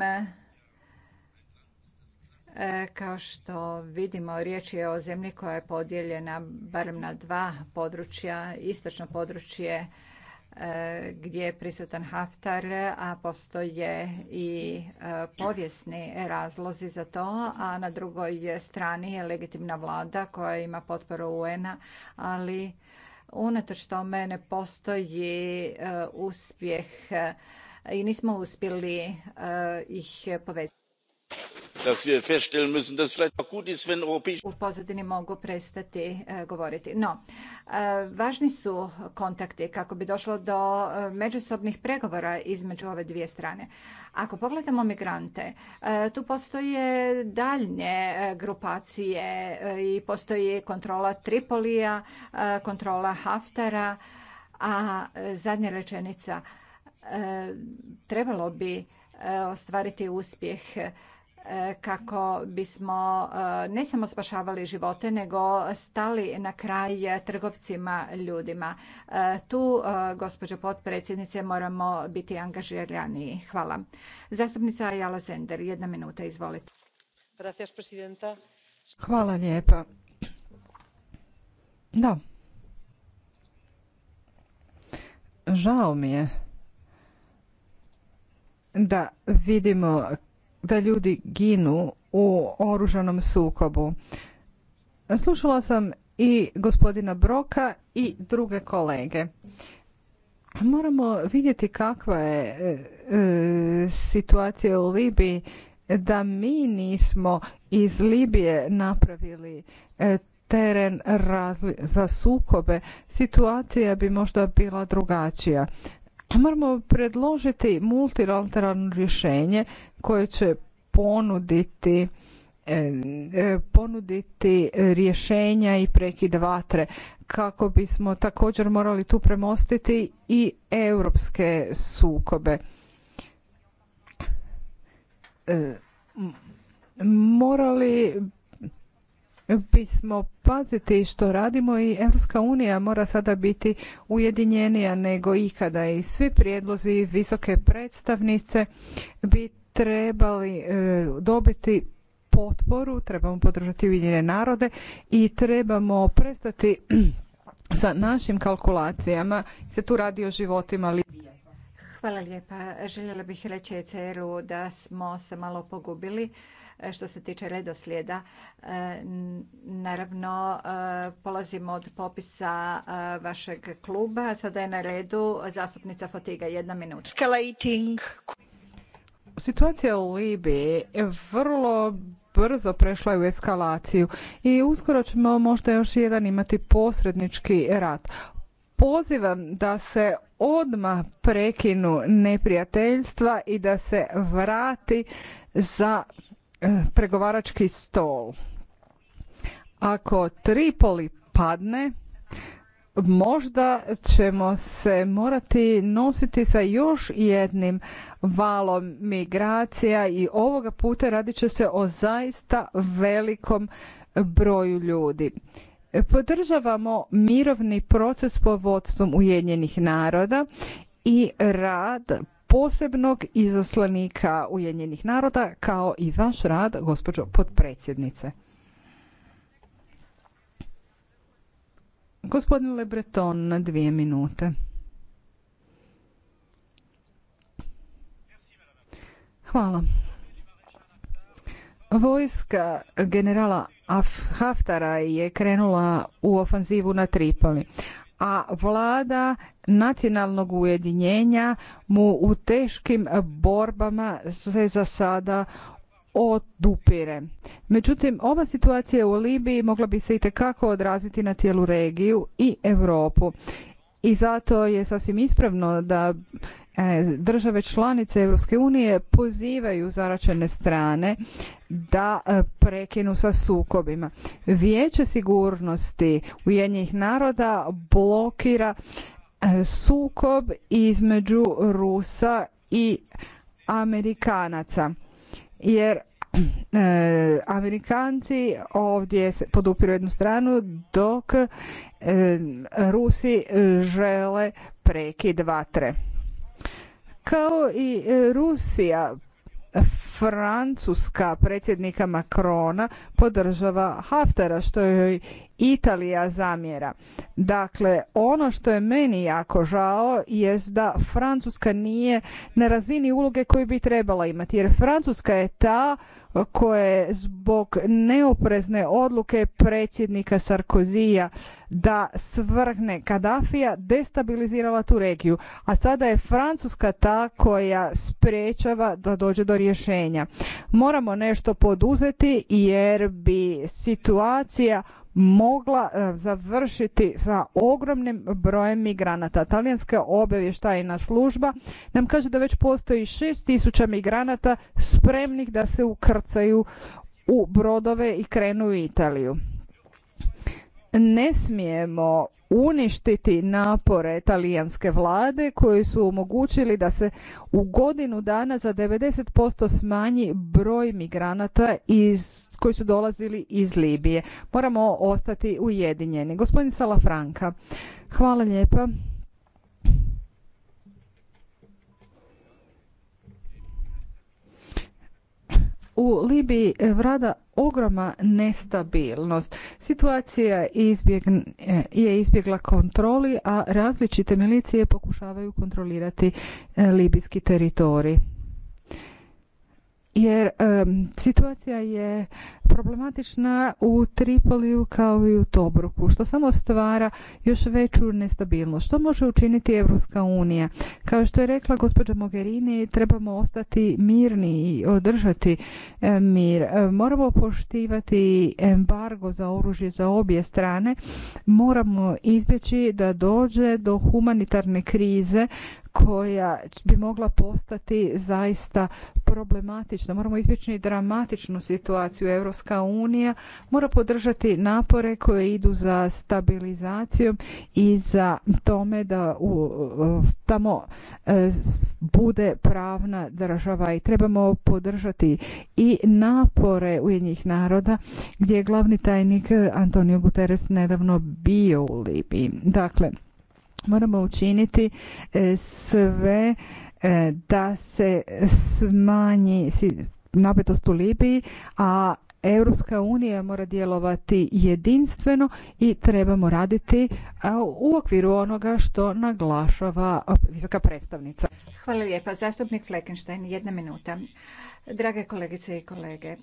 kao što vidimo, riječ je o zemlji koja je podijeljena barem na dva područja, istočno područje E, gdje je prisutan Haftar, a postoje i e, povijesni razlozi za to, a na drugoj strani je legitimna vlada koja ima potporu UN-a, ali unatoč tome ne postoji e, uspjeh i nismo uspjeli ih povezati u pozadini mogu prestati e, govoriti. No, e, važni su kontakti kako bi došlo do e, međusobnih pregovora između ove dvije strane. Ako pogledamo migrante, tu postoje daljnje grupacije i postoji kontrola Tripolija, kontrola Haftara, a zadnja rečenica trebalo bi ostvariti uspjeh kako bismo e, ne samo spašavali živote, nego stali na kraj trgovcima ljudima. E, tu, e, gospođo potpredsjednice, moramo biti angažiraniji. Hvala. Zastupnica Jala Sender, jedna minuta, izvolite. Hvala lijepa. Da. Žao mi je da vidimo da ljudi ginu u oružanom sukobu. Slušala sam i gospodina Broka i druge kolege. Moramo vidjeti kakva je e, e, situacija u Libiji da mi nismo iz Libije napravili e, teren za sukobe, situacija bi možda bila drugačija. Pa moramo predložiti multilateralno rješenje koje će ponuditi e, e, ponuditi rješenja i prekid vatre kako bismo također morali tu premostiti i europske sukobe. E, morali bismo paziti što radimo i Evropska unija mora sada biti ujedinjenija nego ikada i svi prijedlozi visoke predstavnice bi trebali e, dobiti potporu, trebamo podržati Ujedinjene narode i trebamo prestati [CLEARS THROAT] sa našim kalkulacijama. Se tu radi o životima li... Hvala lijepa. Željela bih reći ECR-u da smo se malo pogubili. E, što se tiče redoslijeda. E, naravno, e, polazimo od popisa vašeg kluba. Sada je na redu zastupnica Fotiga. Jedna minuta. Situacija u Libiji vrlo brzo prešla u eskalaciju i uskoro ćemo možda još jedan imati posrednički rat. Pozivam da se odmah prekinu neprijateljstva i da se vrati za pregovarački stol. Ako Tripoli padne, možda ćemo se morati nositi sa još jednim valom migracija i ovoga puta radit će se o zaista velikom broju ljudi. Podržavamo mirovni proces pod vodstvom Ujedinjenih naroda i rad posebnog izaslanika Ujedinjenih naroda kao i vaš rad, gospođo potpredsjednice. Gospodin Lebreton na dvije minute. Hvala. Vojska generala Haftara je krenula u ofanzivu na Tripoli a vlada nacionalnog ujedinjenja mu u teškim borbama se za sada odupire. Međutim, ova situacija u Libiji mogla bi se itekako odraziti na cijelu regiju i Europu. I zato je sasvim ispravno da E, države članice Europske unije pozivaju zaračene strane da e, prekinu sa sukobima. Vijeće sigurnosti Ujedinjenih naroda blokira e, sukob između Rusa i Amerikanaca. Jer Amerikanci ovdje podupiru jednu stranu dok Rusi žele prekid vatre. Kao i e, Rusija, Francuska predsjednika Macrona podržava Haftara što joj Italija zamjera. Dakle, ono što je meni jako žao jest da Francuska nije na razini uloge koju bi trebala imati, jer Francuska je ta koja je zbog neoprezne odluke predsjednika Sarkozija da svrhne Kadafija destabilizirala tu regiju, a sada je Francuska ta koja sprečava da dođe do rješenja. Moramo nešto poduzeti jer bi situacija mogla e, završiti sa ogromnim brojem migranata. Talijanska obavještajna služba nam kaže da već postoji 6000 migranata spremnih da se ukrcaju u brodove i krenu u Italiju. Ne smijemo uništiti napore talijanske vlade koji su omogućili da se u godinu dana za 90% smanji broj migranata iz, koji su dolazili iz Libije. Moramo ostati ujedinjeni. Gospodin Salafranka, hvala lijepa. U Libiji e, vlada ogroma nestabilnost. Situacija e, je izbjegla kontroli, a različite milicije pokušavaju kontrolirati e, libijski teritorij jer situacija je problematična u Tripoliju kao i u Tobruku, što samo stvara još veću nestabilnost. Što može učiniti Evropska unija? Kao što je rekla gospođa Mogherini, trebamo ostati mirni i održati mir. Moramo poštivati embargo za oružje za obje strane. Moramo izbjeći da dođe do humanitarne krize koja bi mogla postati zaista problematična. Moramo izbjeći dramatičnu situaciju. Europska unija mora podržati napore koje idu za stabilizacijom i za tome da tamo e, bude pravna država i trebamo podržati i napore Ujedinjenih naroda gdje je glavni tajnik Antonio Guterres nedavno bio u Libiji. Dakle, moramo učiniti e, sve e, da se smanji napetost u Libiji, a Europska unija mora djelovati jedinstveno i trebamo raditi u okviru onoga što naglašava visoka predstavnica. Hvala lijepa. Zastupnik Fleckenstein, jedna minuta. Drage kolegice i kolege, e,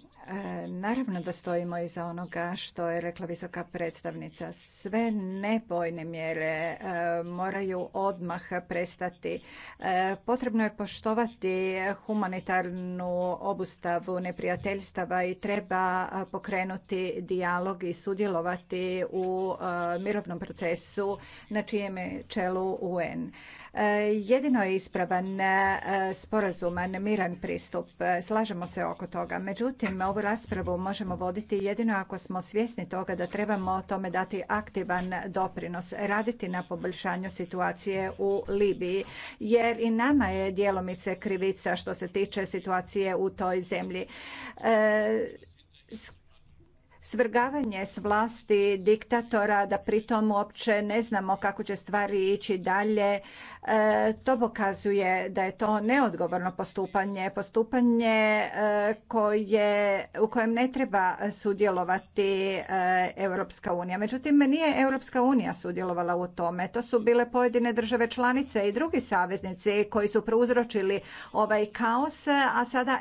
naravno da stojimo iza onoga što je rekla visoka predstavnica. Sve nebojne mjere e, moraju odmah prestati. E, potrebno je poštovati humanitarnu obustavu neprijateljstava i treba pokrenuti dijalog i sudjelovati u mirovnom procesu na čijem je čelu UN. E, jedino je ispravan e, sporazuman miran pristup. E, slažemo se oko toga. Međutim, ovu raspravu možemo voditi jedino ako smo svjesni toga da trebamo tome dati aktivan doprinos, raditi na poboljšanju situacije u Libiji, jer i nama je djelomice krivica što se tiče situacije u toj zemlji svrgavanje s vlasti diktatora da pritom uopće ne znamo kako će stvari ići dalje e, to pokazuje da je to neodgovorno postupanje postupanje e, koje, u kojem ne treba sudjelovati e, Europska unija. Međutim, nije Europska unija sudjelovala u tome. To su bile pojedine države članice i drugi saveznici koji su prouzročili ovaj kaos, a sada